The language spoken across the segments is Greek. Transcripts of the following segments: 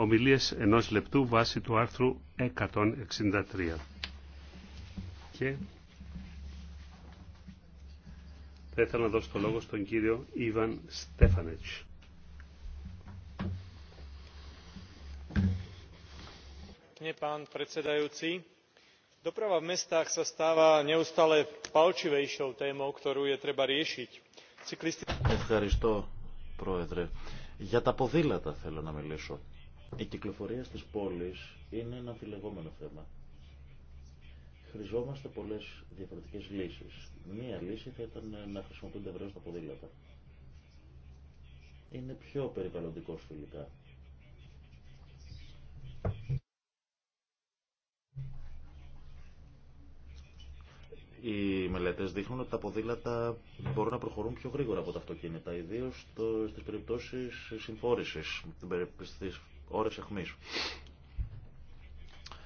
ομιλίες ενός λεπτού βάσει του άρθρου 163. Και θα ήθελα να δώσω το λόγο στον κύριο Ιβαν Στέφανετς. pán predsedajúci doprava v mestách sa stáva neustále pálčivejšou témou ktorú je treba riešiť. Ευχαριστώ, Πρόεδρε. Για τα ποδήλατα θέλω να μιλήσω. Η κυκλοφορία στις πόλεις είναι ένα αμφιλεγόμενο θέμα. Χρειαζόμαστε πολλές διαφορετικές λύσεις. Μία λύση θα ήταν να χρησιμοποιούνται ευρέως τα ποδήλατα. Είναι πιο περιβαλλοντικός φιλικά. Οι μελέτες δείχνουν ότι τα ποδήλατα μπορούν να προχωρούν πιο γρήγορα από τα αυτοκίνητα, ιδίω στις περιπτώσει συμφόρηση, ώρες αιχμής.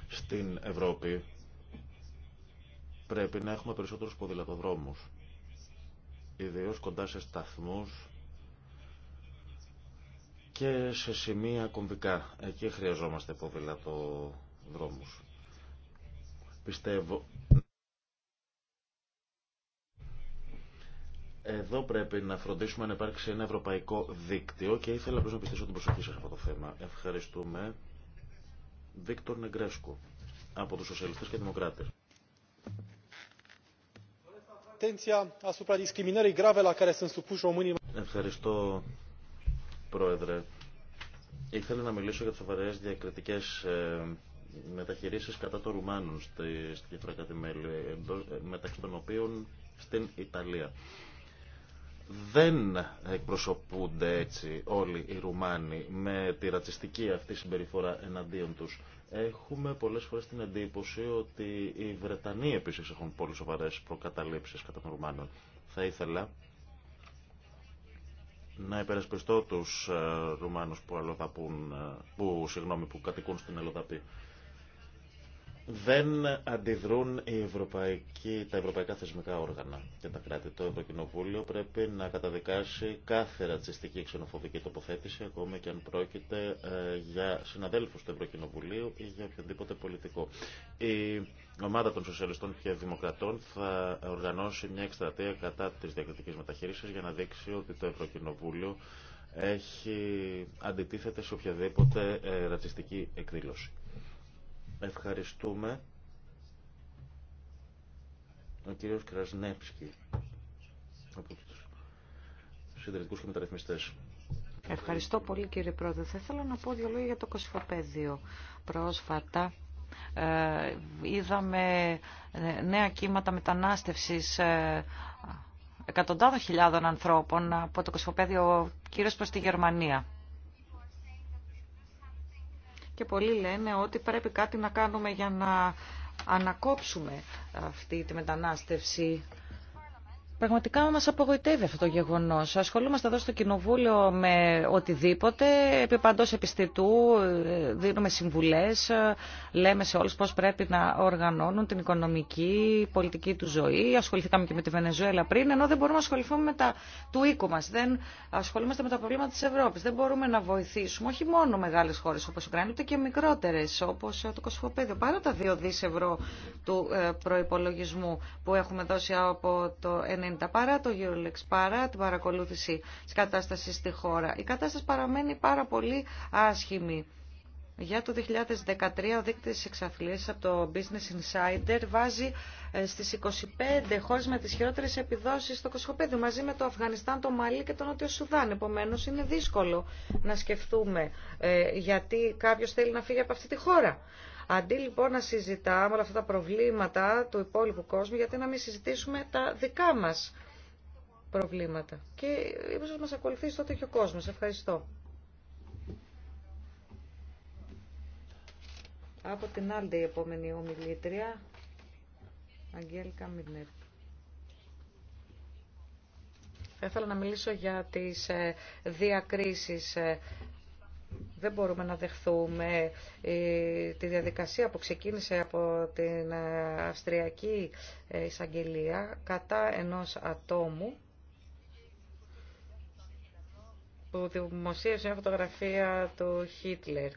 Στην Ευρώπη πρέπει να έχουμε περισσότερους ποδηλατοδρόμους, ιδίως κοντά σε σταθμούς και σε σημεία κομβικά. Εκεί χρειαζόμαστε ποδηλατοδρόμους. Πιστεύω Εδώ πρέπει να φροντίσουμε να υπάρξει ένα ευρωπαϊκό δίκτυο και ήθελα να πιστήσω την προσοχή σα αυτό το θέμα. Ευχαριστούμε. Βίκτορ Νεγκρέσκου από τους Σοσιαλιστές και Δημοκράτες. Ευχαριστώ, Πρόεδρε. Ήθελα να μιλήσω για τις σοβαρές διακριτικές ε, μεταχειρήσεις κατά των Ρουμάνων στη, Μέλη ε, μεταξύ των οποίων στην Ιταλία δεν εκπροσωπούνται έτσι όλοι οι Ρουμάνοι με τη ρατσιστική αυτή συμπεριφορά εναντίον τους. Έχουμε πολλές φορές την εντύπωση ότι οι Βρετανοί επίσης έχουν πολύ σοβαρές προκαταλήψεις κατά των Ρουμάνων. Θα ήθελα να υπερασπιστώ τους ε, Ρουμάνους που, ε, που, που κατοικούν στην Ελλοδαπή δεν αντιδρούν οι ευρωπαϊκοί, τα ευρωπαϊκά θεσμικά όργανα και τα κράτη. Το Ευρωκοινοβούλιο πρέπει να καταδικάσει κάθε ρατσιστική ξενοφοβική τοποθέτηση, ακόμα και αν πρόκειται ε, για συναδέλφου του Ευρωκοινοβουλίου ή για οποιονδήποτε πολιτικό. Η ομάδα των Σοσιαλιστών και Δημοκρατών θα οργανώσει μια εκστρατεία κατά της διακριτικής μεταχείρισης για να δείξει ότι το Ευρωκοινοβούλιο έχει αντιτίθεται σε οποιαδήποτε ε, ρατσιστική εκδήλωση. Ευχαριστούμε. Ο κύριος Κρασνέψκη από τους συντηρητικούς και μεταρρυθμιστές. Ευχαριστώ πολύ κύριε Πρόεδρε. Θα ήθελα να πω δύο λόγια για το κοσυφοπέδιο. Πρόσφατα ε, είδαμε ε, νέα κύματα μετανάστευσης ε, εκατοντάδων χιλιάδων ανθρώπων από το κοσμοπέδιο κυρίως προς τη Γερμανία και πολλοί λένε ότι πρέπει κάτι να κάνουμε για να ανακόψουμε αυτή τη μετανάστευση. Πραγματικά μας απογοητεύει αυτό το γεγονός. Ασχολούμαστε εδώ στο Κοινοβούλιο με οτιδήποτε, επί παντός επιστητού, δίνουμε συμβουλές, λέμε σε όλους πώς πρέπει να οργανώνουν την οικονομική, πολιτική του ζωή. Ασχοληθήκαμε και με τη Βενεζουέλα πριν, ενώ δεν μπορούμε να ασχοληθούμε με τα του οίκου μας. Δεν ασχολούμαστε με τα προβλήματα της Ευρώπης. Δεν μπορούμε να βοηθήσουμε όχι μόνο μεγάλες χώρες όπως η Ουκρανία, ούτε και μικρότερες όπως το Κοσμοπέδιο. Παρά τα 2 δις ευρώ του ε, προπολογισμού που έχουμε δώσει από το παρά το Eurolex, παρά την παρακολούθηση τη κατάσταση στη χώρα. Η κατάσταση παραμένει πάρα πολύ άσχημη. Για το 2013 ο δείκτης εξαθλίες από το Business Insider βάζει ε, στις 25 χώρες με τις χειρότερες επιδόσεις στο κοσμοπέδιο, μαζί με το Αφγανιστάν, το Μαλί και το Νότιο Σουδάν. Επομένως είναι δύσκολο να σκεφτούμε ε, γιατί κάποιος θέλει να φύγει από αυτή τη χώρα. Αντί λοιπόν να συζητάμε όλα αυτά τα προβλήματα του υπόλοιπου κόσμου, γιατί να μην συζητήσουμε τα δικά μας προβλήματα. Και ίσως μας ακολουθήσει τότε και ο κόσμος. Ευχαριστώ. Από την άλλη η επόμενη ομιλήτρια, Αγγέλικα Μιντνερ. Θα ήθελα να μιλήσω για τις ε, διακρίσεις ε, δεν μπορούμε να δεχθούμε ε, τη διαδικασία που ξεκίνησε από την ε, Αυστριακή ε, Εισαγγελία κατά ενός ατόμου που δημοσίευσε μια φωτογραφία του Χίτλερ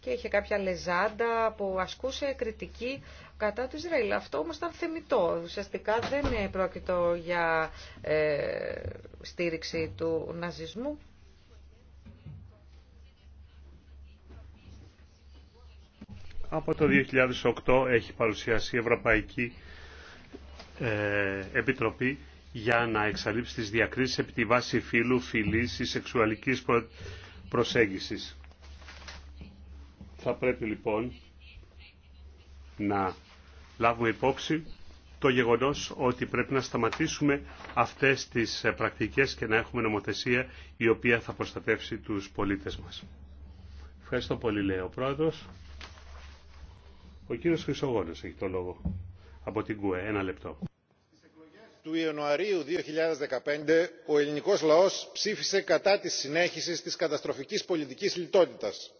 και είχε κάποια λεζάντα που ασκούσε κριτική κατά του Ισραήλ. Αυτό όμως ήταν θεμητό. Ουσιαστικά δεν πρόκειτο για στήριξη του ναζισμού. Από το 2008 έχει παρουσιάσει η Ευρωπαϊκή ε, Επιτροπή για να εξαλείψει τις διακρίσεις επί τη βάση φύλου, φυλής ή σεξουαλικής προσέγγισης. Θα πρέπει λοιπόν να λάβουμε υπόψη το γεγονός ότι πρέπει να σταματήσουμε αυτές τις ε, πρακτικές και να έχουμε νομοθεσία η οποία θα προστατεύσει τους πολίτες μας. Ευχαριστώ πολύ λέει ο Πρόεδρος. Ο κύριος Χρυσογόνος έχει το λόγο. Από την ΚΟΕ. Ένα λεπτό. Στις εκλογές του Ιανουαρίου 2015 ο ελληνικός λαός ψήφισε κατά της συνέχισης της καταστροφικής πολιτικής λιτότητας.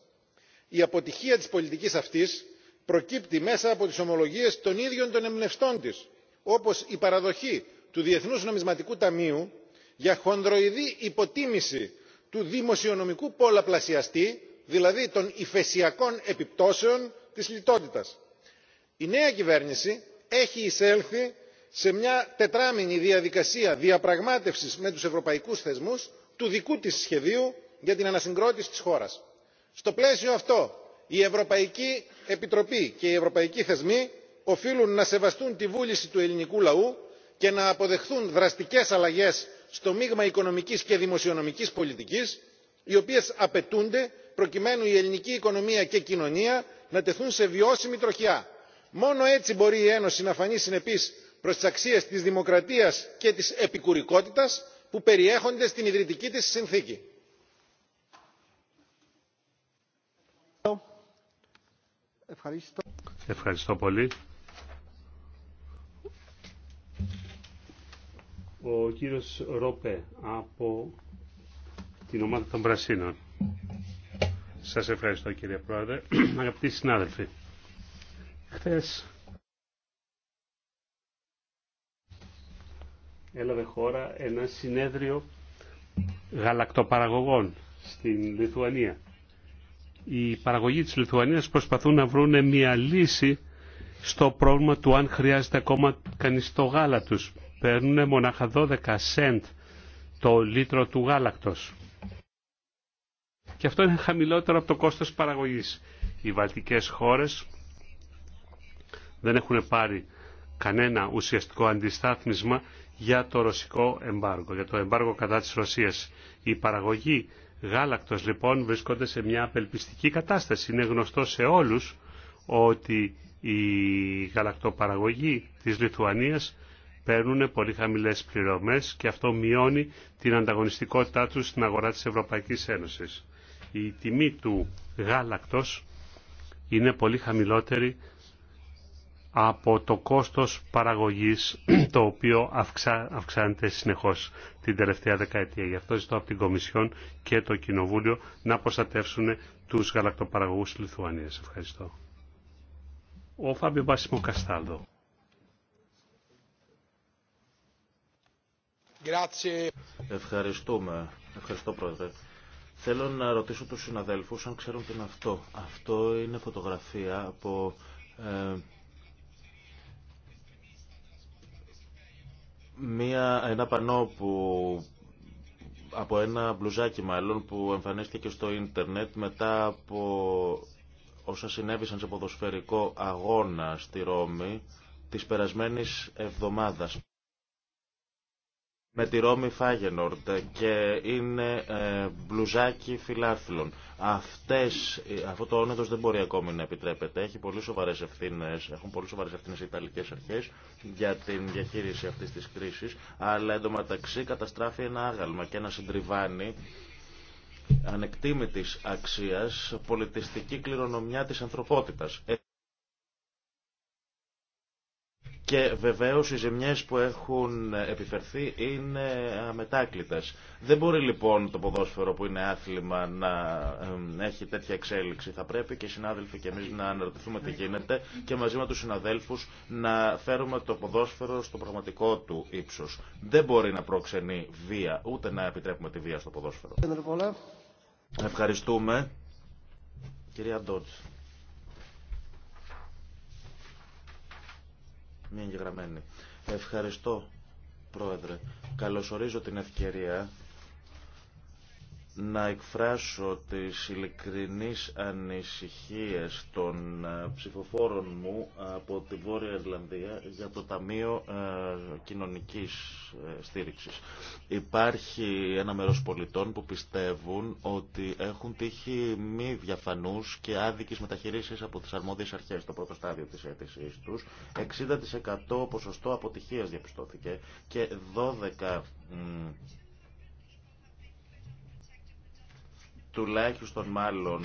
Η αποτυχία της πολιτικής αυτής προκύπτει μέσα από τις ομολογίες των ίδιων των εμπνευστών της, όπως η παραδοχή του Διεθνούς Νομισματικού Ταμείου για χονδροειδή υποτίμηση του δημοσιονομικού πολλαπλασιαστή, δηλαδή των υφεσιακών επιπτώσεων της λιτότητας. η νέα κυβέρνηση έχει εισέλθει σε μια τετράμινη διαδικασία διαπραγμάτευσης με τους ευρωπαϊκούς θεσμούς του δικού της σχεδίου για την ανασυγκρότηση της χώρας. στο πλαίσιο αυτό η ευρωπαϊκή επιτροπή και οι ευρωπαϊκοί θεσμοί οφείλουν να σεβαστούν τη βούληση του ελληνικού λαού και να αποδεχθούν δραστικές αλλαγές στο μείγμα οικονομικής και δημοσιονομικής πολιτικής οι οποίες απαιτούνται προκειμένου η ελληνική οικονομία και κοινωνία να τεθούν σε βιώσιμη τροχιά. μόνο έτσι μπορεί η ένωση να φανεί συνεπής προς τις αξίες της δημοκρατίας και της επικουρικότητας που περιέχονται στην ιδρυτική της συνθήκη. Ευχαριστώ. πολύ. Ο κύριος Ρόπε από την ομάδα των σας ευχαριστώ κύριε Πρόεδρε. Αγαπητοί συνάδελφοι, χθες έλαβε χώρα ένα συνέδριο γαλακτοπαραγωγών στην Λιθουανία. Οι παραγωγοί της Λιθουανίας προσπαθούν να βρουν μια λύση στο πρόβλημα του αν χρειάζεται ακόμα κανείς το γάλα τους. Παίρνουν μονάχα 12 σέντ το λίτρο του γάλακτος και αυτό είναι χαμηλότερο από το κόστος παραγωγής. Οι βαλτικές χώρες δεν έχουν πάρει κανένα ουσιαστικό αντιστάθμισμα για το ρωσικό εμπάργο, για το εμπάργο κατά της Ρωσίας. Η παραγωγή γάλακτος λοιπόν βρίσκονται σε μια απελπιστική κατάσταση. Είναι γνωστό σε όλους ότι η γαλακτοπαραγωγή της Λιθουανίας παίρνουν πολύ χαμηλές πληρωμές και αυτό μειώνει την ανταγωνιστικότητά τους στην αγορά της Ευρωπαϊκής Ένωσης η τιμή του γάλακτος είναι πολύ χαμηλότερη από το κόστος παραγωγής το οποίο αυξά, αυξάνεται συνεχώς την τελευταία δεκαετία. Γι' αυτό ζητώ από την Κομισιόν και το Κοινοβούλιο να προστατεύσουν τους γαλακτοπαραγωγούς της Λιθουανίας. Ευχαριστώ. Ο Φάμπιο Μπάσιμο Καστάλδο. Ευχαριστούμε. Ευχαριστώ Πρόεδρε. Θέλω να ρωτήσω τους συναδέλφους αν ξέρουν τι είναι αυτό. Αυτό είναι φωτογραφία από ε, μια, ένα πανό που από ένα μπλουζάκι μάλλον που εμφανίστηκε στο ίντερνετ μετά από όσα συνέβησαν σε ποδοσφαιρικό αγώνα στη Ρώμη της περασμένης εβδομάδας με τη Ρώμη Φάγενορντ και είναι ε, μπλουζάκι φιλάθλων. Αυτές, ε, αυτό το όνεδος δεν μπορεί ακόμη να επιτρέπεται. Έχει πολύ σοβαρές ευθύνες, έχουν πολύ σοβαρές ευθύνες οι Ιταλικές αρχές για την διαχείριση αυτής της κρίσης, αλλά εντωμεταξύ καταστράφει ένα άγαλμα και ένα συντριβάνι ανεκτήμητης αξίας πολιτιστική κληρονομιά της ανθρωπότητας. Ε, και βεβαίω οι ζημιέ που έχουν επιφερθεί είναι αμετάκλητε. Δεν μπορεί λοιπόν το ποδόσφαιρο που είναι άθλημα να έχει τέτοια εξέλιξη. Θα πρέπει και οι συνάδελφοι και εμεί να αναρωτηθούμε τι γίνεται και μαζί με του συναδέλφου να φέρουμε το ποδόσφαιρο στο πραγματικό του ύψο. Δεν μπορεί να προξενεί βία, ούτε να επιτρέπουμε τη βία στο ποδόσφαιρο. Ευχαριστούμε. Κυρία Ντότς. μία εγγεγραμμένη. Ευχαριστώ, Πρόεδρε. Καλωσορίζω την ευκαιρία να εκφράσω τις ειλικρινείς ανησυχίες των ε, ψηφοφόρων μου από τη Βόρεια Ιρλανδία για το Ταμείο ε, Κοινωνικής ε, Στήριξης. Υπάρχει ένα μέρος πολιτών που πιστεύουν ότι έχουν τύχει μη διαφανούς και άδικες μεταχειρήσεις από τις αρμόδιες αρχές. στο πρώτο στάδιο της αίτησής τους, 60% ποσοστό αποτυχίας διαπιστώθηκε και 12 τουλάχιστον μάλλον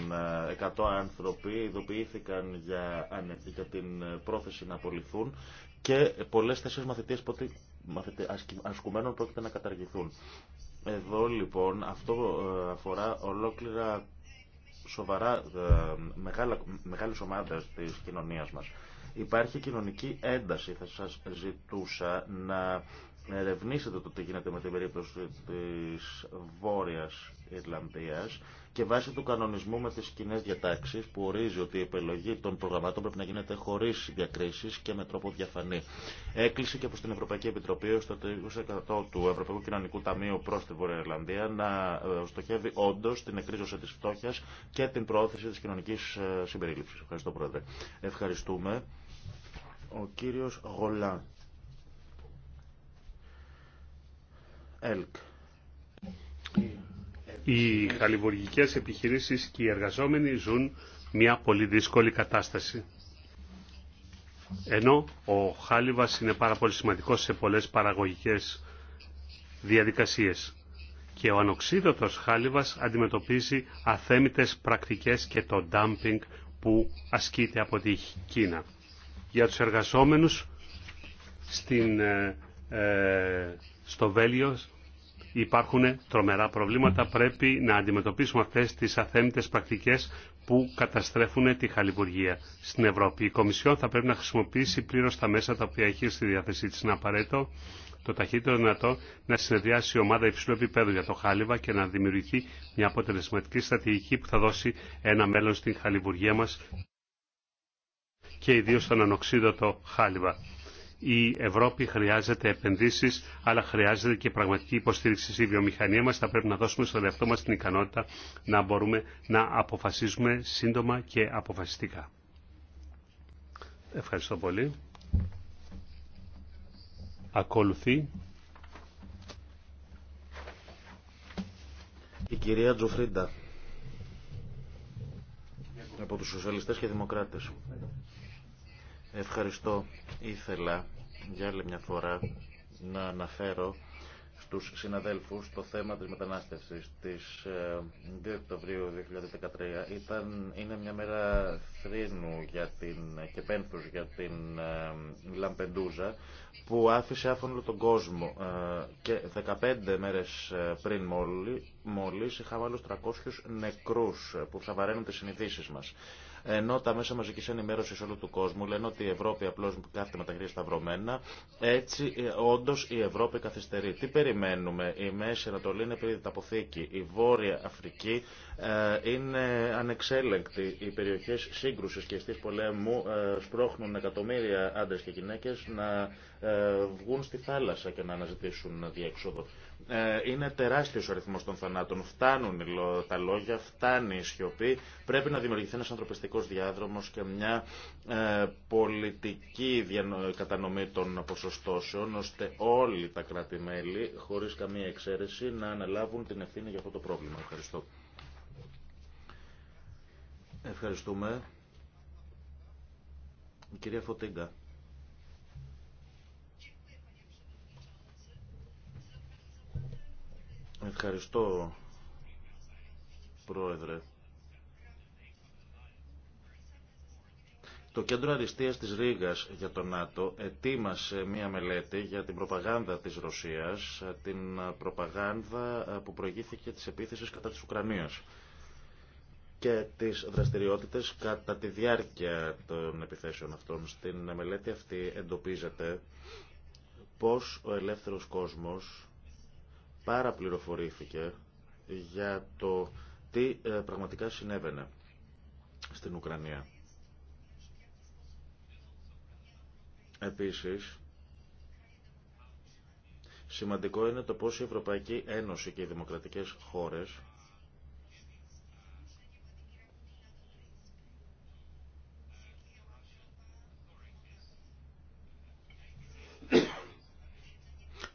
100 ε, άνθρωποι ειδοποιήθηκαν για, για την πρόθεση να απολυθούν και πολλές θέσεις μαθητές ασκουμένων πρόκειται να καταργηθούν. Εδώ λοιπόν αυτό ε, αφορά ολόκληρα σοβαρά ε, μεγάλα, μεγάλες ομάδες της κοινωνίας μας. Υπάρχει κοινωνική ένταση, θα σας ζητούσα να να ερευνήσετε το τι γίνεται με την περίπτωση της Βόρειας Ιρλανδίας και βάσει του κανονισμού με τις κοινέ διατάξεις που ορίζει ότι η επιλογή των προγραμμάτων πρέπει να γίνεται χωρίς διακρίσεις και με τρόπο διαφανή. Έκλεισε και προς την Ευρωπαϊκή Επιτροπή ως το 30% του Ευρωπαϊκού Κοινωνικού Ταμείου προς τη Βόρεια Ιρλανδία να ε, στοχεύει όντω την εκρίζωση της φτώχειας και την προώθηση της κοινωνικής ε, συμπερίληψης. Ευχαριστώ Πρόεδρε. Ευχαριστούμε. Ο κύριος Γολάν. Οι χαλιβουργικές επιχειρήσεις και οι εργαζόμενοι ζουν μια πολύ δύσκολη κατάσταση. Ενώ ο χάλιβας είναι πάρα πολύ σημαντικός σε πολλές παραγωγικές διαδικασίες και ο ανοξίδωτος χάλιβας αντιμετωπίζει αθέμητες πρακτικές και το dumping που ασκείται από τη Κίνα. Για τους εργαζόμενους στην ε, ε, στο Βέλιο υπάρχουν τρομερά προβλήματα. Πρέπει να αντιμετωπίσουμε αυτές τις αθέμητες πρακτικές που καταστρέφουν τη χαλιβουργία στην Ευρώπη. Η Κομισιόν θα πρέπει να χρησιμοποιήσει πλήρως τα μέσα τα οποία έχει στη διάθεσή της. Είναι απαραίτητο το ταχύτερο δυνατό να συνεδριάσει η ομάδα υψηλού επίπεδου για το χάλιβα και να δημιουργηθεί μια αποτελεσματική στρατηγική που θα δώσει ένα μέλλον στην χαλιβουργία μας και ιδίως στον ανοξίδωτο χάλιβα η Ευρώπη χρειάζεται επενδύσεις, αλλά χρειάζεται και πραγματική υποστήριξη στη βιομηχανία μας. Θα πρέπει να δώσουμε στον εαυτό μας την ικανότητα να μπορούμε να αποφασίζουμε σύντομα και αποφασιστικά. Ευχαριστώ πολύ. Ακολουθεί. Η κυρία Τζοφρίντα από τους Σοσιαλιστές και Δημοκράτες. Ευχαριστώ. Ήθελα για άλλη μια φορά να αναφέρω στους συναδέλφους το θέμα της μετανάστευσης της 2 ε, Οκτωβρίου 2013 ήταν, είναι μια μέρα θρήνου για την, και πένθους για την ε, Λαμπεντούζα που άφησε άφωνο τον κόσμο ε, και 15 μέρες πριν μόλι, μόλις είχαμε άλλους 300 νεκρούς που θα βαραίνουν τις συνηθίσεις μας. Ενώ τα μέσα μαζική ενημέρωση όλου του κόσμου λένε ότι η Ευρώπη απλώ κάθεται με τα χέρια σταυρωμένα, έτσι ε, όντω η Ευρώπη καθυστερεί. Τι περιμένουμε, η Μέση Ανατολή είναι αποθήκη. η Βόρεια Αφρική ε, είναι ανεξέλεγκτη. Οι περιοχέ σύγκρουση και εστί πολέμου ε, σπρώχνουν εκατομμύρια άντρε και γυναίκε να βγουν στη θάλασσα και να αναζητήσουν διέξοδο. Ε, είναι τεράστιος ο αριθμός των θανάτων. Φτάνουν τα λόγια, φτάνει η σιωπή. Πρέπει να δημιουργηθεί ένας ανθρωπιστικός διάδρομος και μια ε, πολιτική κατανομή των ποσοστώσεων, ώστε όλοι τα κράτη-μέλη, χωρίς καμία εξαίρεση, να αναλάβουν την ευθύνη για αυτό το πρόβλημα. Ευχαριστώ. Ευχαριστούμε. Η κυρία Φωτίνκα. Ευχαριστώ, Πρόεδρε. Το Κέντρο Αριστείας της Ρήγας για το ΝΑΤΟ ετοίμασε μία μελέτη για την προπαγάνδα της Ρωσίας, την προπαγάνδα που προηγήθηκε της επίθεσης κατά της Ουκρανίας και τις δραστηριότητες κατά τη διάρκεια των επιθέσεων αυτών. Στην μελέτη αυτή εντοπίζεται πώς ο ελεύθερος κόσμος παραπληροφορήθηκε για το τι ε, πραγματικά συνέβαινε στην Ουκρανία. Επίσης, σημαντικό είναι το πώς η Ευρωπαϊκή Ένωση και οι δημοκρατικές χώρες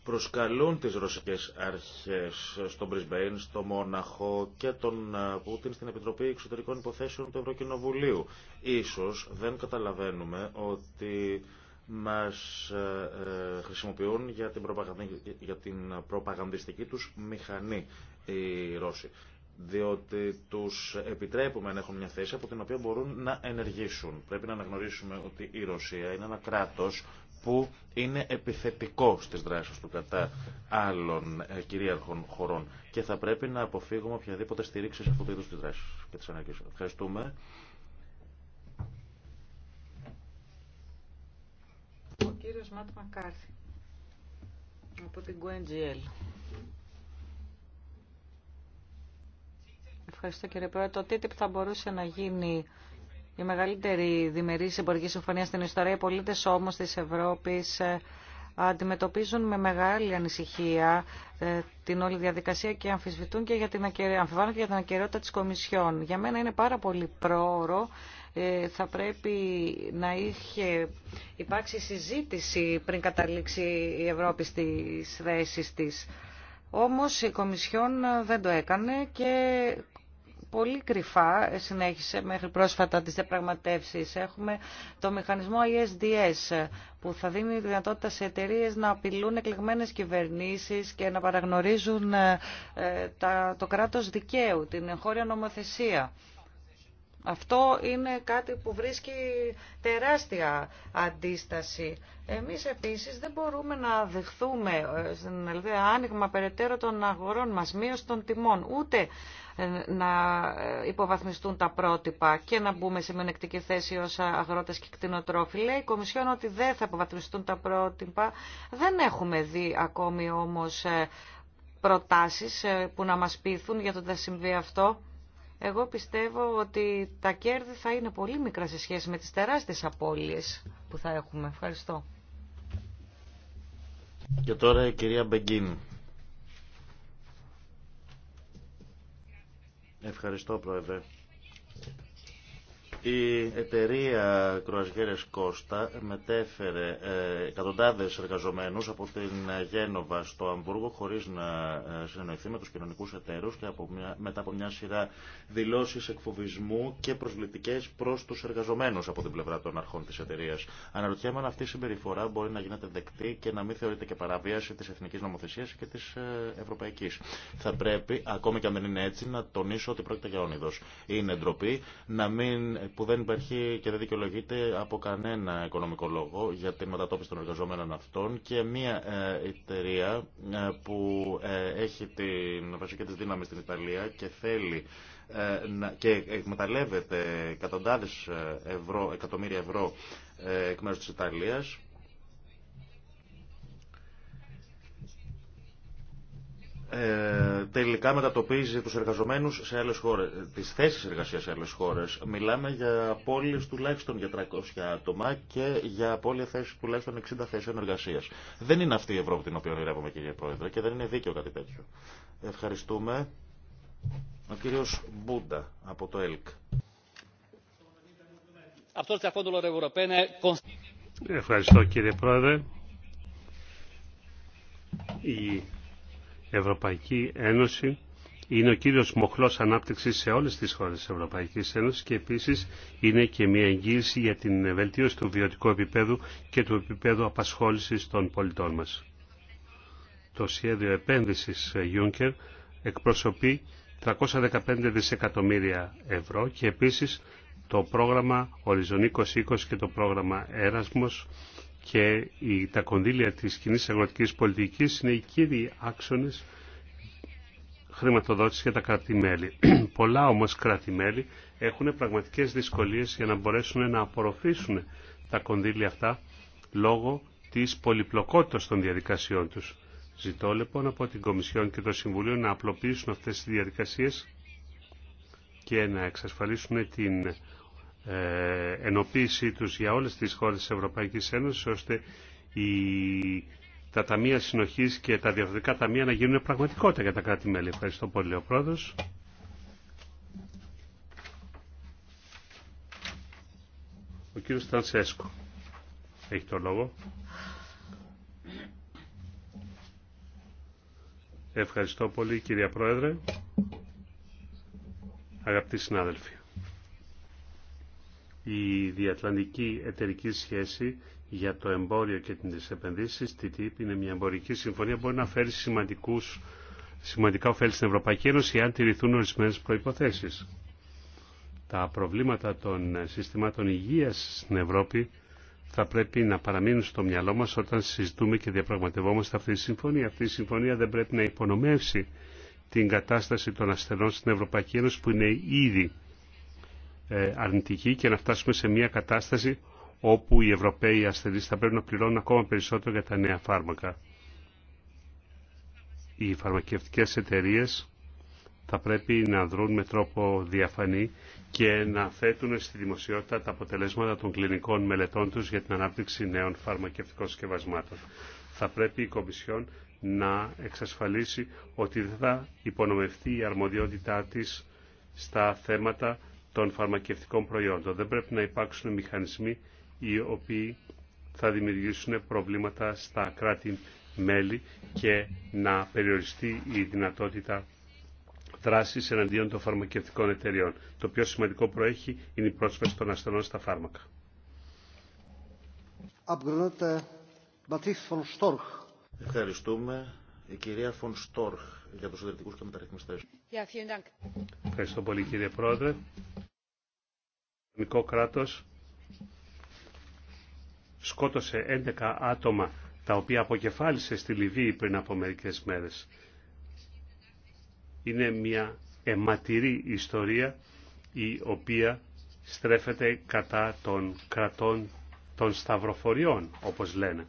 προσκαλούν τις ρωσικές αρχές στον Μπρισμπέιν, στο Μόναχο και τον ε, Πούτιν στην Επιτροπή Εξωτερικών Υποθέσεων του Ευρωκοινοβουλίου. Ίσως δεν καταλαβαίνουμε ότι μας ε, ε, χρησιμοποιούν για την, για την προπαγανδιστική τους μηχανή οι Ρώσοι διότι τους επιτρέπουμε να έχουν μια θέση από την οποία μπορούν να ενεργήσουν. Πρέπει να αναγνωρίσουμε ότι η Ρωσία είναι ένα κράτος που είναι επιθετικό στις δράσεις του κατά άλλων ε, κυρίαρχων χωρών και θα πρέπει να αποφύγουμε οποιαδήποτε στηρίξη σε αυτού του είδους της δράσης και της ανάγκης. Ευχαριστούμε. Ο κύριος Μάτ Μακάρθη από την QNGL. Ευχαριστώ κύριε Πρόεδρε. Το TTIP θα μπορούσε να γίνει η μεγαλύτερη διμερή εμπορική συμφωνία στην ιστορία. Οι πολίτε όμω τη Ευρώπη ε, αντιμετωπίζουν με μεγάλη ανησυχία ε, την όλη διαδικασία και αμφισβητούν και για την, ακεραιότητα και για την ακαιρεότητα της Κομισιόν. Για μένα είναι πάρα πολύ πρόωρο. Ε, θα πρέπει να είχε υπάρξει συζήτηση πριν καταλήξει η Ευρώπη στις θέσεις της. Όμως η Κομισιόν δεν το έκανε και πολύ κρυφά ε, συνέχισε μέχρι πρόσφατα τις διαπραγματεύσεις. Έχουμε το μηχανισμό ISDS ε, που θα δίνει δυνατότητα σε εταιρείε να απειλούν εκλεγμένες κυβερνήσεις και να παραγνωρίζουν ε, το κράτος δικαίου, την εγχώρια νομοθεσία. Αυτό είναι κάτι που βρίσκει τεράστια αντίσταση. Εμείς επίσης δεν μπορούμε να δεχθούμε ε, άνοιγμα περαιτέρω των αγορών μας, μείωση των τιμών, ούτε ε, να ε, υποβαθμιστούν τα πρότυπα και να μπούμε σε μειονεκτική θέση ως αγρότες και κτηνοτρόφοι. Λέει η Κομισιόν ότι δεν θα υποβαθμιστούν τα πρότυπα. Δεν έχουμε δει ακόμη όμως προτάσεις που να μας πείθουν για το τι θα συμβεί αυτό. Εγώ πιστεύω ότι τα κέρδη θα είναι πολύ μικρά σε σχέση με τις τεράστιες απώλειες που θα έχουμε. Ευχαριστώ. Και τώρα η κυρία Μπεγκίν. Ευχαριστώ, Πρόεδρε. Η εταιρεία Κροαζιέρες Κώστα μετέφερε ε, εκατοντάδες εργαζομένους από την Γένοβα στο Αμβούργο χωρίς να ε, συνεννοηθεί με τους κοινωνικούς εταίρους και από μετά από μια σειρά δηλώσεις εκφοβισμού και προσβλητικές προς τους εργαζομένους από την πλευρά των αρχών της εταιρείας. Αναρωτιέμαι αν αυτή η συμπεριφορά μπορεί να γίνεται δεκτή και να μην θεωρείται και παραβίαση της εθνικής νομοθεσίας και της ε, ευρωπαϊκής. Θα πρέπει, ακόμη και αν δεν είναι έτσι, να τονίσω ότι πρόκειται για όνειδος. Είναι ντροπή να μην που δεν υπάρχει και δεν δικαιολογείται από κανένα οικονομικό λόγο για την μετατόπιση των εργαζομένων αυτών και μια ε, εταιρεία ε, που ε, έχει την βασική της δύναμη στην Ιταλία και θέλει και εκμεταλλεύεται εκατοντάδες ευρώ, εκατομμύρια ευρώ εκ μέρους της Ιταλίας υλικά μετατοπίζει του εργαζόμενου σε άλλες χώρες, τις θέσεις εργασίας σε άλλε χώρε, Μιλάμε για πόλει τουλάχιστον για 300 άτομα και για απώλεια θέσει τουλάχιστον 60 θέσεων εργασία. Δεν είναι αυτή η Ευρώπη την οποία ονειρεύομαι κύριε Πρόεδρε και δεν είναι δίκαιο κάτι τέτοιο. Ευχαριστούμε. Ο κύριο Μπούντα από το ΕΛΚ. Ευχαριστώ κύριε Πρόεδρε. Η Ευρωπαϊκή Ένωση είναι ο κύριος μοχλός ανάπτυξης σε όλες τις χώρες της Ευρωπαϊκής Ένωσης και επίσης είναι και μια εγγύηση για την βελτίωση του βιωτικού επίπεδου και του επίπεδου απασχόλησης των πολιτών μας. Το σχέδιο επένδυσης ε, Juncker εκπροσωπεί 315 δισεκατομμύρια ευρώ και επίσης το πρόγραμμα Horizon 2020 και το πρόγραμμα Erasmus και τα κονδύλια της κοινή αγροτικής πολιτικής είναι οι κύριοι άξονες χρηματοδότηση για τα κράτη-μέλη. Πολλά όμως κράτη-μέλη έχουν πραγματικές δυσκολίες για να μπορέσουν να απορροφήσουν τα κονδύλια αυτά λόγω της πολυπλοκότητας των διαδικασιών τους. Ζητώ λοιπόν από την Κομισιόν και το Συμβουλίο να απλοποιήσουν αυτές τις διαδικασίες και να εξασφαλίσουν την ε, ενοποίησή τους για όλες τις χώρες της Ευρωπαϊκής Ένωσης ώστε η, τα ταμεία συνοχής και τα διαφορετικά ταμεία να γίνουν πραγματικότητα για τα κράτη-μέλη. Ευχαριστώ πολύ ο Πρόεδρος. Ο κύριος Τανσέσκο έχει το λόγο. Ευχαριστώ πολύ κυρία Πρόεδρε. Αγαπητοί συνάδελφοι η διατλαντική εταιρική σχέση για το εμπόριο και τις επενδύσεις, TTIP, είναι μια εμπορική συμφωνία που μπορεί να φέρει σημαντικούς, σημαντικά ωφέλη στην Ευρωπαϊκή Ένωση αν τηρηθούν ορισμένες προϋποθέσεις. Τα προβλήματα των συστημάτων υγείας στην Ευρώπη θα πρέπει να παραμείνουν στο μυαλό μας όταν συζητούμε και διαπραγματευόμαστε αυτή τη συμφωνία. Αυτή η συμφωνία δεν πρέπει να υπονομεύσει την κατάσταση των ασθενών στην Ευρωπαϊκή Ένωση που είναι ήδη ε, αρνητική και να φτάσουμε σε μια κατάσταση όπου οι Ευρωπαίοι ασθενείς θα πρέπει να πληρώνουν ακόμα περισσότερο για τα νέα φάρμακα. Οι φαρμακευτικές εταιρείες θα πρέπει να δρούν με τρόπο διαφανή και να θέτουν στη δημοσιότητα τα αποτελέσματα των κλινικών μελετών τους για την ανάπτυξη νέων φαρμακευτικών συσκευασμάτων. Θα πρέπει η Κομισιόν να εξασφαλίσει ότι δεν θα υπονομευτεί η αρμοδιότητά της στα θέματα των φαρμακευτικών προϊόντων. Δεν πρέπει να υπάρξουν μηχανισμοί οι οποίοι θα δημιουργήσουν προβλήματα στα κράτη-μέλη και να περιοριστεί η δυνατότητα δράση εναντίον των φαρμακευτικών εταιριών. Το πιο σημαντικό προέχει είναι η πρόσβαση των ασθενών στα φάρμακα. Ευχαριστούμε. Η κυρία Φων Στόρχ για τους συντηρητικούς και μεταρρυθμιστές. Ευχαριστώ πολύ κύριε Πρόεδρε. Ισλαμικό κράτος σκότωσε 11 άτομα τα οποία αποκεφάλισε στη Λιβύη πριν από μερικές μέρες. Είναι μια αιματηρή ιστορία η οποία στρέφεται κατά των κρατών των σταυροφοριών, όπως λένε.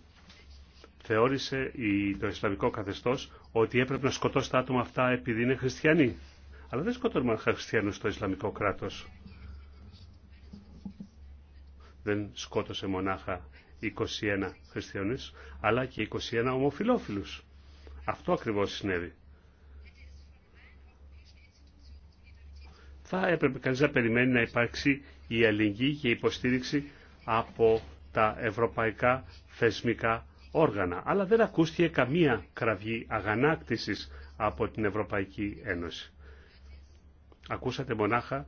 Θεώρησε το Ισλαμικό καθεστώς ότι έπρεπε να σκοτώσει τα άτομα αυτά επειδή είναι χριστιανοί. Αλλά δεν σκοτώνουμε χριστιανούς στο Ισλαμικό κράτος δεν σκότωσε μονάχα 21 χριστιανούς, αλλά και 21 ομοφιλόφιλους. Αυτό ακριβώς συνέβη. Θα έπρεπε κανείς να περιμένει να υπάρξει η αλληλεγγύη και η υποστήριξη από τα ευρωπαϊκά θεσμικά όργανα. Αλλά δεν ακούστηκε καμία κραυγή αγανάκτησης από την Ευρωπαϊκή Ένωση. Ακούσατε μονάχα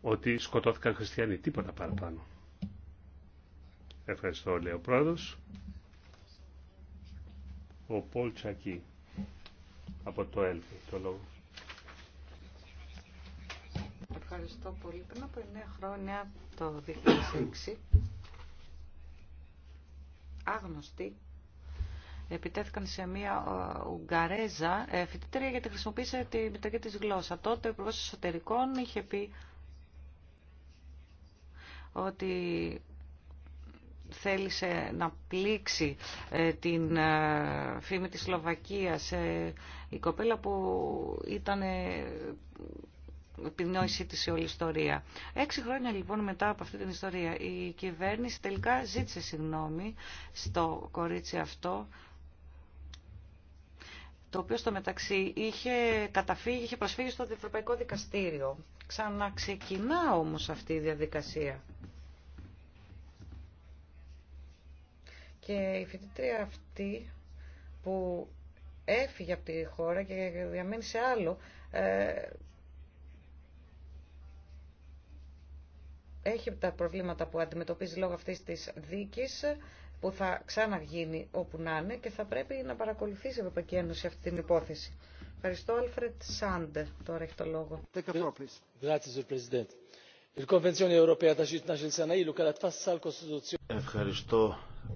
ότι σκοτώθηκαν χριστιανοί. Τίποτα παραπάνω. Ευχαριστώ, λέει ο πρόεδρος. Ο Πολ Τσακί από το ΕΛΚ, το λόγο. Ευχαριστώ πολύ. Πριν από 9 χρόνια, το 2006, άγνωστοι επιτέθηκαν σε μια ε, Ουγγαρέζα ε, φοιτήτρια γιατί χρησιμοποίησε τη μητρική τη γλώσσα. Τότε ο Υπουργός Εσωτερικών είχε πει ότι θέλησε να πλήξει ε, την ε, φήμη της Σλοβακίας. Ε, η κοπέλα που ήταν επινόησή της σε όλη η ιστορία. Έξι χρόνια λοιπόν μετά από αυτή την ιστορία η κυβέρνηση τελικά ζήτησε συγγνώμη στο κορίτσι αυτό το οποίο στο μεταξύ είχε καταφύγει, είχε προσφύγει στο Ευρωπαϊκό Δικαστήριο. Ξαναξεκινά όμως αυτή η διαδικασία. Και η φοιτήτρια αυτή που έφυγε από τη χώρα και διαμένει σε άλλο, ε, έχει τα προβλήματα που αντιμετωπίζει λόγω αυτής της δίκης που θα ξαναγίνει όπου να είναι και θα πρέπει να παρακολουθήσει η Ευρωπαϊκή Ένωση αυτή την υπόθεση. Ευχαριστώ, Αλφρετ Σάντε. Τώρα έχει το λόγο. Ευχαριστώ,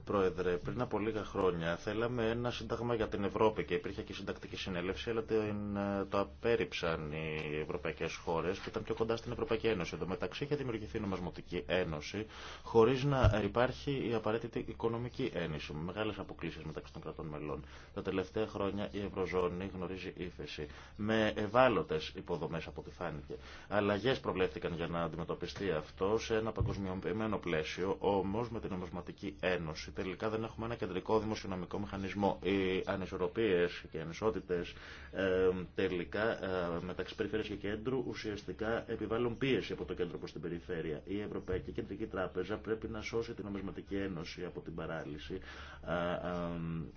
Πρόεδρε, πριν από λίγα χρόνια θέλαμε ένα σύνταγμα για την Ευρώπη και υπήρχε και συντακτική συνέλευση, αλλά ε, το απέρριψαν οι ευρωπαϊκέ χώρε και ήταν πιο κοντά στην Ευρωπαϊκή Ένωση. Εδώ μεταξύ είχε δημιουργηθεί η Νομασμοτική Ένωση, χωρί να υπάρχει η απαραίτητη οικονομική ένωση, με μεγάλε αποκλήσει μεταξύ των κρατών μελών. Τα τελευταία χρόνια η Ευρωζώνη γνωρίζει ύφεση, με ευάλωτε υποδομέ από ό,τι φάνηκε. Αλλαγέ προβλέφθηκαν για να αντιμετωπιστεί αυτό σε ένα παγκοσμιοποιημένο πλαίσιο, όμω με την Νομασματική Ένωση Τελικά δεν έχουμε ένα κεντρικό δημοσιονομικό μηχανισμό. Οι ανισορροπίε και οι ανισότητες ε, τελικά ε, μεταξύ περιφέρειας και κέντρου ουσιαστικά επιβάλλουν πίεση από το κέντρο προς την περιφέρεια. Η Ευρωπαϊκή Κεντρική Τράπεζα πρέπει να σώσει την Νομισματική Ένωση από την παράλυση,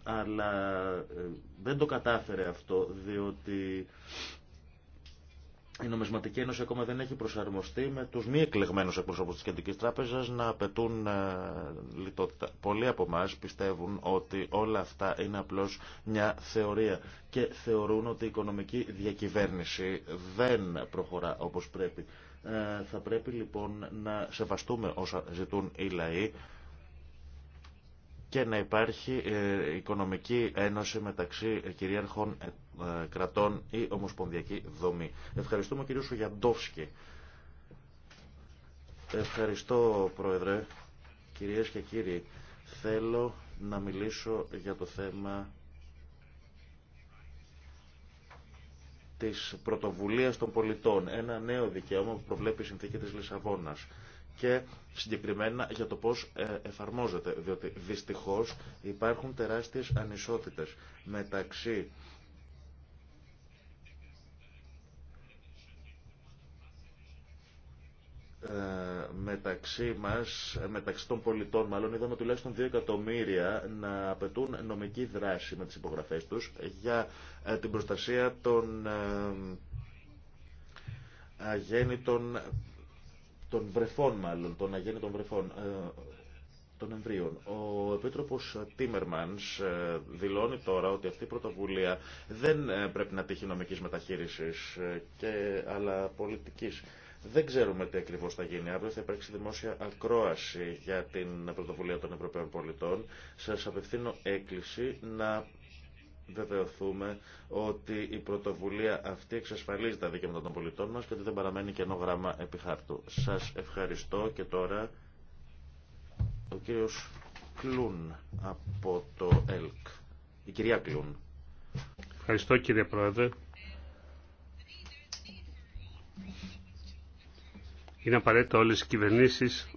αλλά ε, δεν το κατάφερε αυτό διότι η Νομισματική Ένωση ακόμα δεν έχει προσαρμοστεί με τους μη εκλεγμένους εκπροσώπους της Κεντρικής Τράπεζας να απαιτούν ε, λιτότητα. Πολλοί από εμά πιστεύουν ότι όλα αυτά είναι απλώς μια θεωρία και θεωρούν ότι η οικονομική διακυβέρνηση δεν προχωρά όπως πρέπει. Ε, θα πρέπει λοιπόν να σεβαστούμε όσα ζητούν οι λαοί και να υπάρχει ε, οικονομική ένωση μεταξύ ε, κυρίαρχων ε, κρατών ή ομοσπονδιακή δομή. Ευχαριστούμε κύριο Σουγιαντόφσκι. Ευχαριστώ Πρόεδρε. Κυρίες και κύριοι, θέλω να μιλήσω για το θέμα της πρωτοβουλίας των πολιτών. Ένα νέο δικαίωμα που προβλέπει η συνθήκη της Λισαβόνας και συγκεκριμένα για το πώς ε, εφαρμόζεται, διότι δυστυχώς υπάρχουν τεράστιες ανισότητες μεταξύ ε, μεταξύ μας, ε, μεταξύ των πολιτών μάλλον, είδαμε τουλάχιστον 2 εκατομμύρια να απαιτούν νομική δράση με τις υπογραφές τους για την προστασία των αγέννητων των βρεφών μάλλον, των αγέννητων βρεφών, ε, των εμβρίων. Ο Επίτροπο Τίμερμαν ε, δηλώνει τώρα ότι αυτή η πρωτοβουλία δεν ε, πρέπει να τύχει νομική μεταχείριση, αλλά πολιτικής. Δεν ξέρουμε τι ακριβώ θα γίνει. Αύριο θα υπάρξει δημόσια ακρόαση για την πρωτοβουλία των Ευρωπαίων πολιτών. Σα απευθύνω έκκληση να βεβαιωθούμε ότι η πρωτοβουλία αυτή εξασφαλίζει τα δικαιώματα των πολιτών μας και ότι δεν παραμένει κενό γράμμα επί χάρτου. Σας ευχαριστώ και τώρα ο κύριος Κλούν από το ΕΛΚ. Η κυρία Κλούν. Ευχαριστώ κύριε Πρόεδρε. Είναι απαραίτητο όλες οι κυβερνήσεις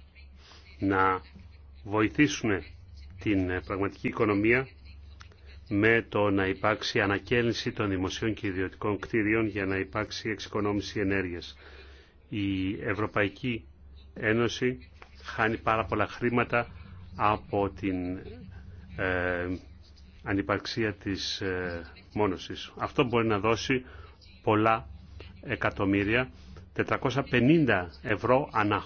να βοηθήσουν την πραγματική οικονομία με το να υπάρξει ανακαίνιση των δημοσίων και ιδιωτικών κτίριων για να υπάρξει εξοικονόμηση ενέργειας. Η Ευρωπαϊκή Ένωση χάνει πάρα πολλά χρήματα από την ε, ανυπαρξία της ε, μόνωσης. Αυτό μπορεί να δώσει πολλά εκατομμύρια, 450 ευρώ ανα,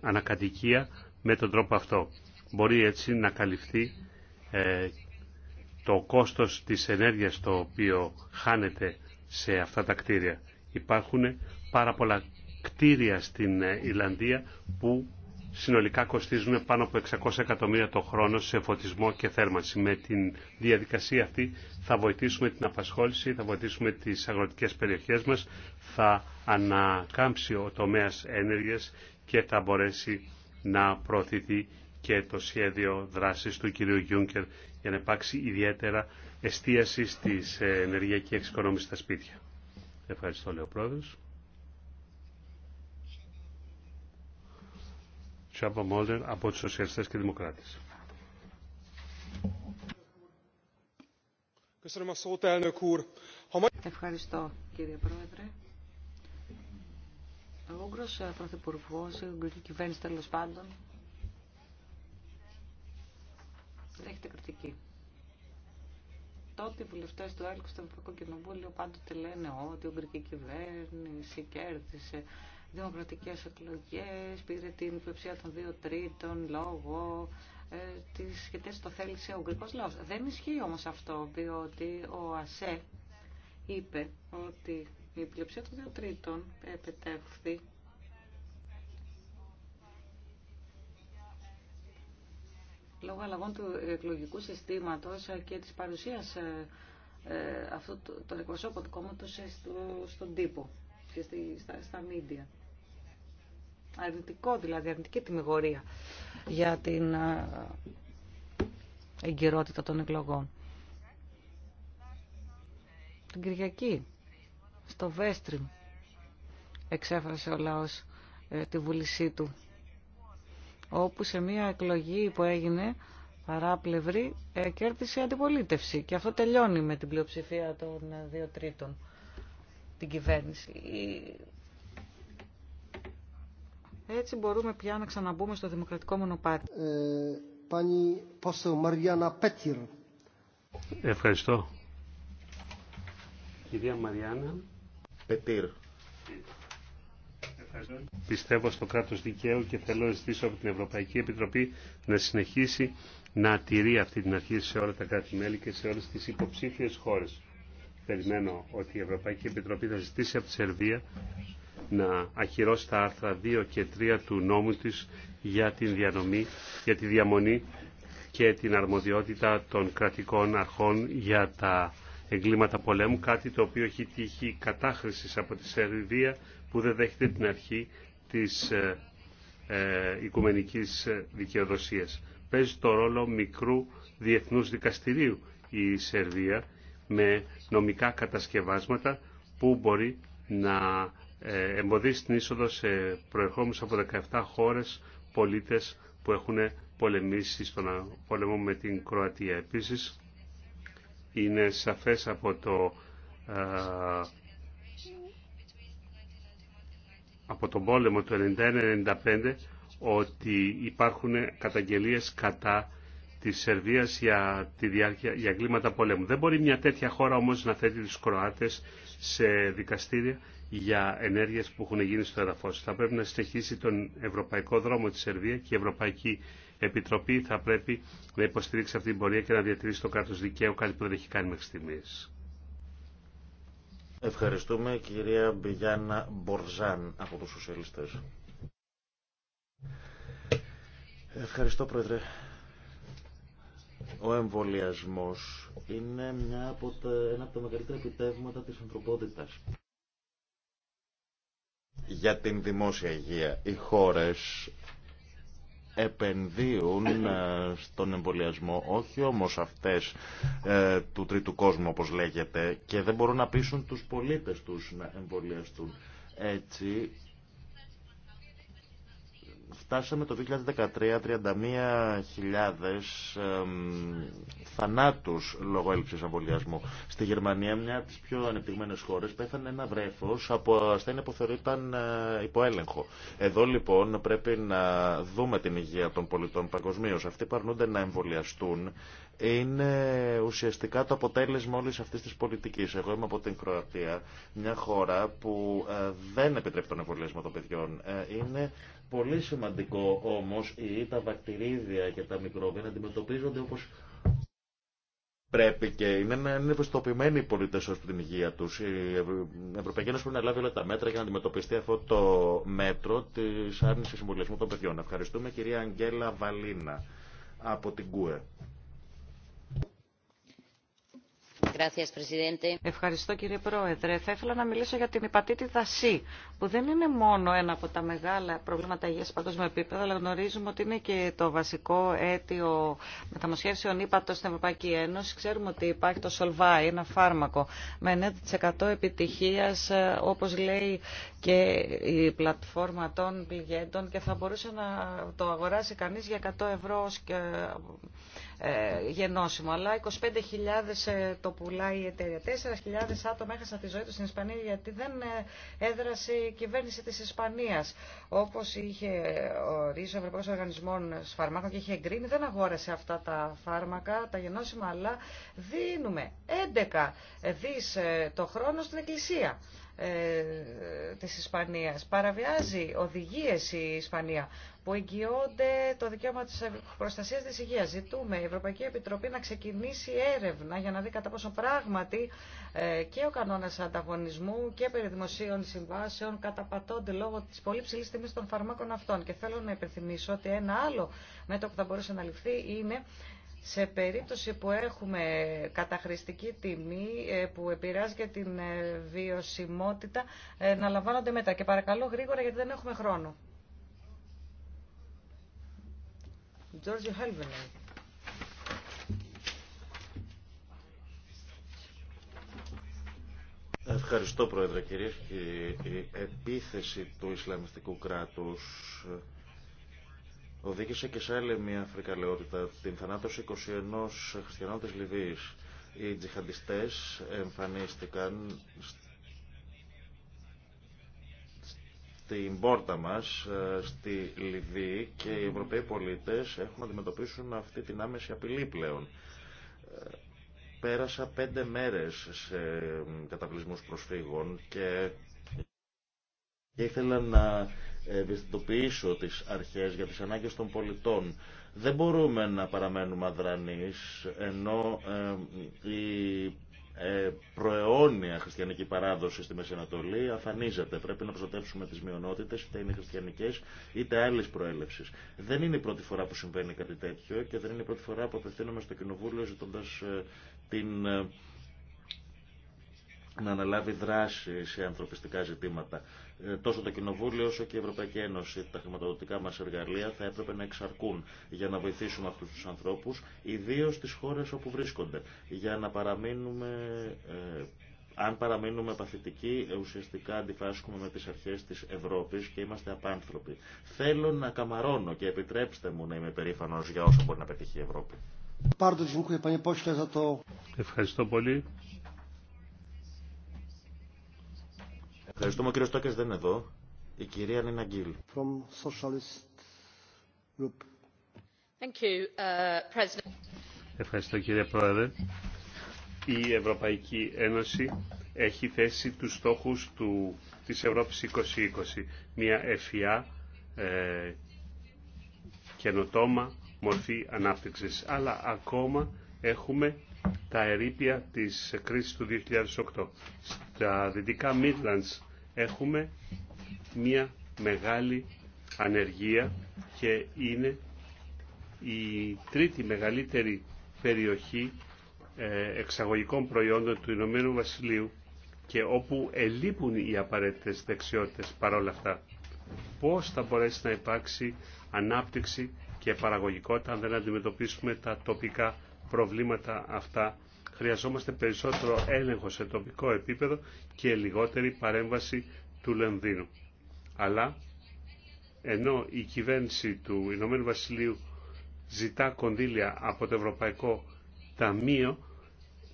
ανακατοικία με τον τρόπο αυτό. Μπορεί έτσι να καλυφθεί ε, το κόστος της ενέργειας το οποίο χάνεται σε αυτά τα κτίρια. Υπάρχουν πάρα πολλά κτίρια στην ε, Ιλανδία που συνολικά κοστίζουν πάνω από 600 εκατομμύρια το χρόνο σε φωτισμό και θέρμανση. Με την διαδικασία αυτή θα βοηθήσουμε την απασχόληση, θα βοηθήσουμε τις αγροτικές περιοχές μας, θα ανακάμψει ο τομέας ενέργειας και θα μπορέσει να προωθηθεί και το σχέδιο δράσης του κυρίου Γιούνκερ για να υπάρξει ιδιαίτερα εστίαση στις ε, ενεργειακή εξοικονόμηση στα σπίτια. Ευχαριστώ, λέει ο πρόεδρος. Τσάμπα Μόλτερ από τους Σοσιαλιστές και Δημοκράτες. Ευχαριστώ, κύριε Πρόεδρε. Ο Ούγγρος ε, Πρωθυπουργός, η ε, Ούγγρική Κυβέρνηση τέλος πάντων, δέχεται κριτική. Τότε οι βουλευτέ του ΕΛΚ στο Ευρωπαϊκό Κοινοβούλιο πάντοτε λένε ότι η Ουγγρική κυβέρνηση κέρδισε δημοκρατικέ εκλογέ, πήρε την υποψία των δύο τρίτων λόγω ε, τη σχετική το θέλησε ο Ουγγρικό λαό. Δεν ισχύει όμω αυτό, διότι ο ΑΣΕ είπε ότι η πλειοψηφία των δύο τρίτων επετεύχθη λόγω αλλαγών του εκλογικού συστήματος και της παρουσίας ε, ε, αυτού των εκπροσώπων του κόμματος στον τύπο και στα μίντια. Αρνητικό δηλαδή, αρνητική τιμιγορία για την ε, εγκυρότητα των εκλογών. Την Κυριακή, στο Βέστριμ, εξέφρασε ο λαός τη βούλησή του όπου σε μια εκλογή που έγινε παράπλευρη ε, κέρδισε αντιπολίτευση. Και αυτό τελειώνει με την πλειοψηφία των ε, δύο τρίτων την κυβέρνηση. Έτσι μπορούμε πια να ξαναμπούμε στο δημοκρατικό μονοπάτι. Ε, Ευχαριστώ. Κυρία Μαριάννα Πετήρ. Πιστεύω στο κράτος δικαίου και θέλω να ζητήσω από την Ευρωπαϊκή Επιτροπή να συνεχίσει να τηρεί αυτή την αρχή σε όλα τα κράτη-μέλη και σε όλες τις υποψήφιες χώρες. Περιμένω ότι η Ευρωπαϊκή Επιτροπή θα ζητήσει από τη Σερβία να ακυρώσει τα άρθρα 2 και 3 του νόμου της για, την διανομή, για τη διαμονή και την αρμοδιότητα των κρατικών αρχών για τα εγκλήματα πολέμου, κάτι το οποίο έχει τύχει κατάχρησης από τη Σερβία που δεν δέχεται την αρχή της ε, ε, οικουμενικής δικαιοδοσίας. Παίζει το ρόλο μικρού διεθνούς δικαστηρίου η Σερβία με νομικά κατασκευάσματα που μπορεί να ε, εμποδίσει την είσοδο σε προερχόμενους από 17 χώρες πολίτες που έχουν πολεμήσει στον πολεμό με την Κροατία. Επίσης, είναι σαφές από το ε, από τον πόλεμο του 1991-1995 ότι υπάρχουν καταγγελίες κατά της Σερβίας για, τη διάρκεια, για κλίματα πολέμου. Δεν μπορεί μια τέτοια χώρα όμως να θέτει τους Κροάτες σε δικαστήρια για ενέργειες που έχουν γίνει στο εδαφός. Θα πρέπει να συνεχίσει τον ευρωπαϊκό δρόμο της Σερβία και η Ευρωπαϊκή Επιτροπή θα πρέπει να υποστηρίξει αυτή την πορεία και να διατηρήσει το κράτος δικαίου, κάτι που δεν έχει κάνει μέχρι στιγμής. Ευχαριστούμε κυρία Μπιγιάννα Μπορζάν από τους Σοσιαλιστές. Ευχαριστώ Πρόεδρε. Ο εμβολιασμό είναι μια από τα, ένα από τα μεγαλύτερα επιτεύγματα της ανθρωπότητας. Για την δημόσια υγεία, οι χώρες επενδύουν ε, στον εμβολιασμό, όχι όμως αυτές ε, του τρίτου κόσμου όπως λέγεται και δεν μπορούν να πείσουν τους πολίτες τους να εμβολιαστούν. Έτσι φτάσαμε το 2013 31.000 θανάτους λόγω έλλειψης εμβολιασμού. Στη Γερμανία, μια από τις πιο ανεπτυγμένες χώρες, πέθανε ένα βρέφος από ασθένεια που θεωρείταν ε, υποέλεγχο. Εδώ λοιπόν πρέπει να δούμε την υγεία των πολιτών παγκοσμίω. Αυτοί που να εμβολιαστούν είναι ουσιαστικά το αποτέλεσμα όλης αυτής της πολιτικής. Εγώ είμαι από την Κροατία, μια χώρα που ε, δεν επιτρέπει τον εμβολιασμό των παιδιών. Ε, είναι Πολύ σημαντικό όμως ή τα βακτηρίδια και τα μικρόβια να αντιμετωπίζονται όπως πρέπει και είναι, να είναι ευαισθητοποιημένοι οι πολίτες ως την υγεία τους. Η Ευρωπαϊκή Ένωση πρέπει να λάβει όλα τα μέτρα για να αντιμετωπιστεί αυτό το μέτρο της άρνησης συμβολισμού των παιδιών. Ευχαριστούμε κυρία Αγγέλα Βαλίνα από την ΚΟΕ. Ευχαριστώ κύριε Πρόεδρε. Θα ήθελα να μιλήσω για την υπατήτη C, που δεν είναι μόνο ένα από τα μεγάλα προβλήματα υγεία σε παγκόσμιο επίπεδο, αλλά γνωρίζουμε ότι είναι και το βασικό αίτιο μεταμοσχεύσεων ύπατο στην Ευρωπαϊκή Ένωση. Ξέρουμε ότι υπάρχει το Solvay, ένα φάρμακο με 90% επιτυχίας, ε, όπως λέει και η πλατφόρμα των πληγέντων και θα μπορούσε να το αγοράσει κανεί για 100 ευρώ ε, ε, γενώσιμο, αλλά 25.000 ε, το πουλάει η εταιρεία. 4.000 άτομα έχασαν τη ζωή του στην Ισπανία γιατί δεν ε, έδρασε η κυβέρνηση τη Ισπανία. Όπω είχε ορίσει ο Ευρωπαϊκό Οργανισμό Φαρμάκων και είχε εγκρίνει, δεν αγόρασε αυτά τα φάρμακα, τα γενώσιμα, αλλά δίνουμε 11 δις το χρόνο στην Εκκλησία της Ισπανίας. Παραβιάζει οδηγίες η Ισπανία που εγγυώνται το δικαίωμα της προστασίας της υγείας. Ζητούμε η Ευρωπαϊκή Επιτροπή να ξεκινήσει έρευνα για να δει κατά πόσο πράγματι ε, και ο κανόνας ανταγωνισμού και περί δημοσίων συμβάσεων καταπατώνται λόγω της πολύ ψηλής τιμής των φαρμάκων αυτών. Και θέλω να υπενθυμίσω ότι ένα άλλο μέτρο που θα μπορούσε να ληφθεί είναι σε περίπτωση που έχουμε καταχρηστική τιμή ε, που επηρεάζει και την ε, βιωσιμότητα να λαμβάνονται μετά. Και παρακαλώ γρήγορα γιατί δεν έχουμε χρόνο. Ευχαριστώ Πρόεδρε κυρίες και η επίθεση του Ισλαμιστικού κράτους οδήγησε και σε άλλη μια φρικαλαιότητα, την θανάτωση 21 χριστιανών της Λιβύης. Οι τζιχαντιστές εμφανίστηκαν στην πόρτα μας, ε, στη Λιβύη και οι Ευρωπαίοι πολίτες έχουν να αντιμετωπίσουν αυτή την άμεση απειλή πλέον. Ε, πέρασα πέντε μέρες σε καταβλισμούς προσφύγων και ήθελα να ευαισθητοποιήσω τις αρχές για τις ανάγκες των πολιτών. Δεν μπορούμε να παραμένουμε αδρανείς, ενώ ε, οι ε, προαιώνια χριστιανική παράδοση στη Μέση Ανατολή αφανίζεται. Πρέπει να προστατεύσουμε τι μειονότητε, είτε είναι χριστιανικέ είτε άλλε προέλευσει. Δεν είναι η πρώτη φορά που συμβαίνει κάτι τέτοιο και δεν είναι η πρώτη φορά που απευθύνομαι στο Κοινοβούλιο ζητώντα ε, την ε, να αναλάβει δράση σε ανθρωπιστικά ζητήματα. Ε, τόσο το Κοινοβούλιο όσο και η Ευρωπαϊκή Ένωση, τα χρηματοδοτικά μας εργαλεία θα έπρεπε να εξαρκούν για να βοηθήσουμε αυτούς τους ανθρώπους, ιδίως στις χώρες όπου βρίσκονται, για να παραμείνουμε ε, αν παραμείνουμε παθητικοί, ουσιαστικά αντιφάσκουμε με τις αρχές της Ευρώπης και είμαστε απάνθρωποι. Θέλω να καμαρώνω και επιτρέψτε μου να είμαι περήφανος για όσο μπορεί να πετύχει η Ευρώπη. Ευχαριστώ πολύ. Ευχαριστούμε. Ο κύριος Τόκες δεν είναι εδώ. Η κυρία Νίνα Γκίλ. Uh, Ευχαριστώ κύριε Πρόεδρε. Η Ευρωπαϊκή Ένωση έχει θέσει τους στόχους του, της Ευρώπης 2020. Μια ευφυά e ε, καινοτόμα μορφή ανάπτυξης. Αλλά ακόμα έχουμε τα ερήπια της κρίσης του 2008. Στα δυτικά Midlands έχουμε μια μεγάλη ανεργία και είναι η τρίτη μεγαλύτερη περιοχή ε, εξαγωγικών προϊόντων του Ηνωμένου Βασιλείου και όπου ελείπουν οι απαραίτητες δεξιότητες παρόλα αυτά. Πώς θα μπορέσει να υπάρξει ανάπτυξη και παραγωγικότητα αν δεν αντιμετωπίσουμε τα τοπικά προβλήματα αυτά χρειαζόμαστε περισσότερο έλεγχο σε τοπικό επίπεδο και λιγότερη παρέμβαση του Λενδίνου. Αλλά ενώ η κυβέρνηση του Ηνωμένου Βασιλείου ζητά κονδύλια από το Ευρωπαϊκό Ταμείο,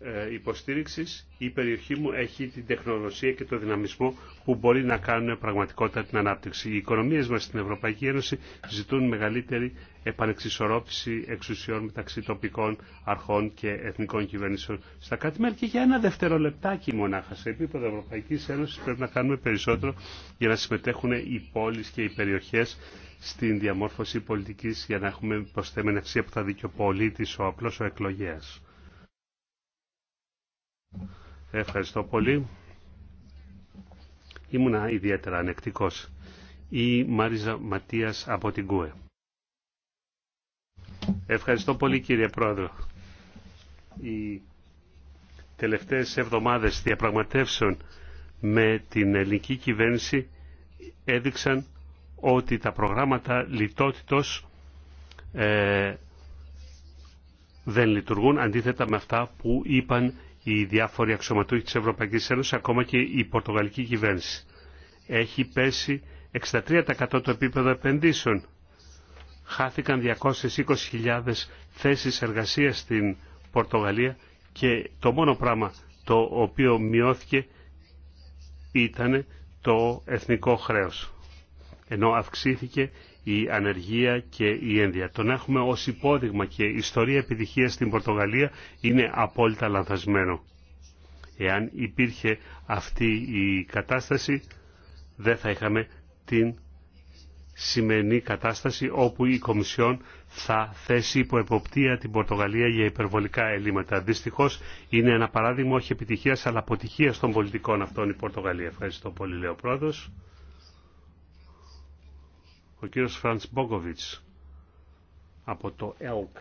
ε, υποστήριξη η περιοχή μου έχει την τεχνολογία και το δυναμισμό που μπορεί να κάνουν πραγματικότητα την ανάπτυξη. Οι οικονομίε μα, στην Ευρωπαϊκή Ένωση ζητούν μεγαλύτερη επανεξισορρόπηση εξουσιών μεταξύ τοπικών αρχών και εθνικών κυβερνήσεων. Στα κάτι μέρη και για ένα δευτερολεπτάκι μονάχα σε επίπεδο Ευρωπαϊκή Ένωση πρέπει να κάνουμε περισσότερο για να συμμετέχουν οι πόλεις και οι περιοχέ στην διαμόρφωση πολιτικής για να έχουμε προσθέμενη αξία που θα δει και ο ο απλό ο εκλογέας. Ευχαριστώ πολύ. Ήμουνα ιδιαίτερα ανεκτικός. Η Μαρίζα Ματίας από την ΚΟΕ. Ευχαριστώ πολύ κύριε Πρόεδρο. Οι τελευταίες εβδομάδες διαπραγματεύσεων με την ελληνική κυβέρνηση έδειξαν ότι τα προγράμματα λιτότητος ε, δεν λειτουργούν αντίθετα με αυτά που είπαν οι διάφοροι αξιωματούχοι της Ευρωπαϊκής Ένωσης, ακόμα και η πορτογαλική κυβέρνηση. Έχει πέσει 63% το επίπεδο επενδύσεων. Χάθηκαν 220.000 θέσεις εργασίας στην Πορτογαλία και το μόνο πράγμα το οποίο μειώθηκε ήταν το εθνικό χρέος. Ενώ αυξήθηκε η ανεργία και η ένδια. Τον έχουμε ως υπόδειγμα και η ιστορία επιτυχίας στην Πορτογαλία είναι απόλυτα λανθασμένο. Εάν υπήρχε αυτή η κατάσταση δεν θα είχαμε την σημερινή κατάσταση όπου η Κομισιόν θα θέσει υπό την Πορτογαλία για υπερβολικά ελλείμματα. Δυστυχώ είναι ένα παράδειγμα όχι επιτυχίας αλλά αποτυχίας των πολιτικών αυτών η Πορτογαλία. Ευχαριστώ πολύ Λέω Πρόεδρος. Ο κύριος Φραντς από το ΕΛΚ.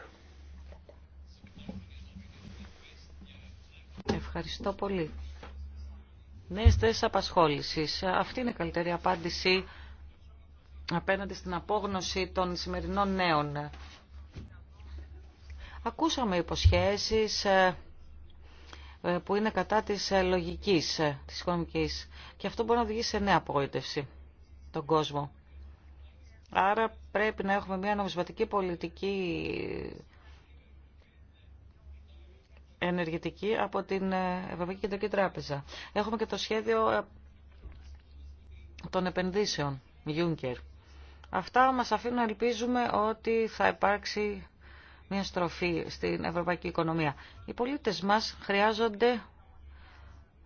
Ευχαριστώ πολύ. Νέε θέσει απασχόληση. Αυτή είναι η καλύτερη απάντηση απέναντι στην απόγνωση των σημερινών νέων. Ακούσαμε υποσχέσεις ε, ε, που είναι κατά της ε, λογικής, της οικονομικής. Και αυτό μπορεί να οδηγήσει σε νέα απογοήτευση τον κόσμο. Άρα πρέπει να έχουμε μια νομισματική πολιτική ενεργητική από την Ευρωπαϊκή Κεντρική Τράπεζα. Έχουμε και το σχέδιο των επενδύσεων, Juncker. Αυτά μας αφήνουν να ελπίζουμε ότι θα υπάρξει μια στροφή στην ευρωπαϊκή οικονομία. Οι πολίτες μας χρειάζονται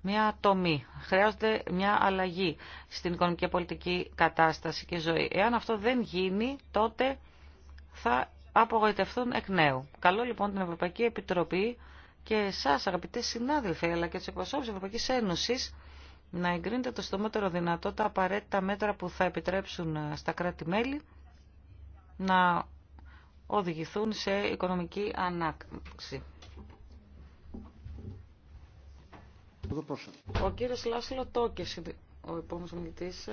μια τομή. Χρειάζεται μια αλλαγή στην οικονομική πολιτική κατάσταση και ζωή. Εάν αυτό δεν γίνει, τότε θα απογοητευτούν εκ νέου. Καλό λοιπόν την Ευρωπαϊκή Επιτροπή και εσά, αγαπητέ συνάδελφοι, αλλά και του εκπροσώπου τη Ευρωπαϊκή Ένωση, να εγκρίνετε το στομότερο δυνατό τα απαραίτητα μέτρα που θα επιτρέψουν ε, στα κράτη-μέλη να οδηγηθούν σε οικονομική ανάπτυξη. Ο κύριος Λάσλο Τόκες, ο επόμενος μιλητής.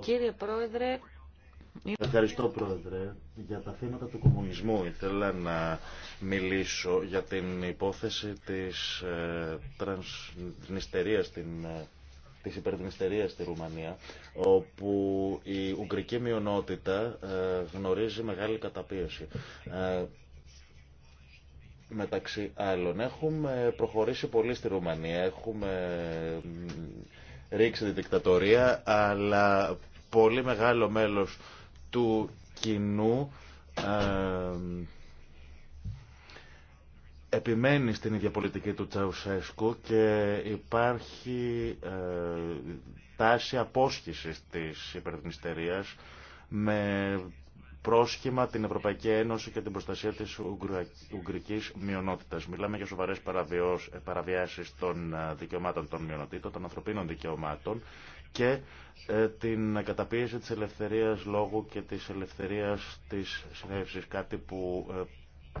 Κύριε Πρόεδρε, Ευχαριστώ Πρόεδρε. Για τα θέματα του κομμουνισμού ήθελα να μιλήσω για την υπόθεση της ε, στην ε, Τη υπερδνηστερίας στη Ρουμανία, όπου η ουγγρική μειονότητα ε, γνωρίζει μεγάλη καταπίεση. Ε, μεταξύ άλλων, έχουμε προχωρήσει πολύ στη Ρουμανία, έχουμε ρίξει τη δικτατορία, αλλά πολύ μεγάλο μέλος του κοινού ε, επιμένει στην ίδια πολιτική του Τσαουσέσκου και υπάρχει ε, τάση απόσχησης της υπερδυνιστερίας με πρόσχημα την Ευρωπαϊκή Ένωση και την προστασία της ουγγρικής μειονότητας. Μιλάμε για σοβαρές ε, παραβιάσεις των ε, δικαιωμάτων των μειονοτήτων, των ανθρωπίνων δικαιωμάτων και την καταπίεση της ελευθερίας λόγου και της ελευθερίας της συνέχισης. κάτι που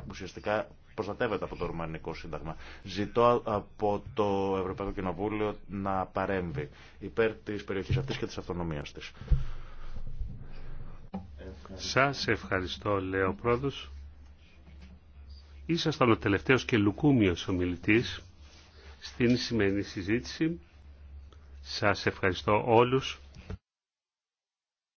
ουσιαστικά προστατεύεται από το Ρουμανικό Σύνταγμα. Ζητώ από το Ευρωπαϊκό Κοινοβούλιο να παρέμβει υπέρ της περιοχής αυτής και της αυτονομίας της. Σας ευχαριστώ, λέω πρόεδρος. Ήσασταν ο τελευταίος και λουκούμιος ομιλητής στην σημερινή συζήτηση. Σας ευχαριστώ όλους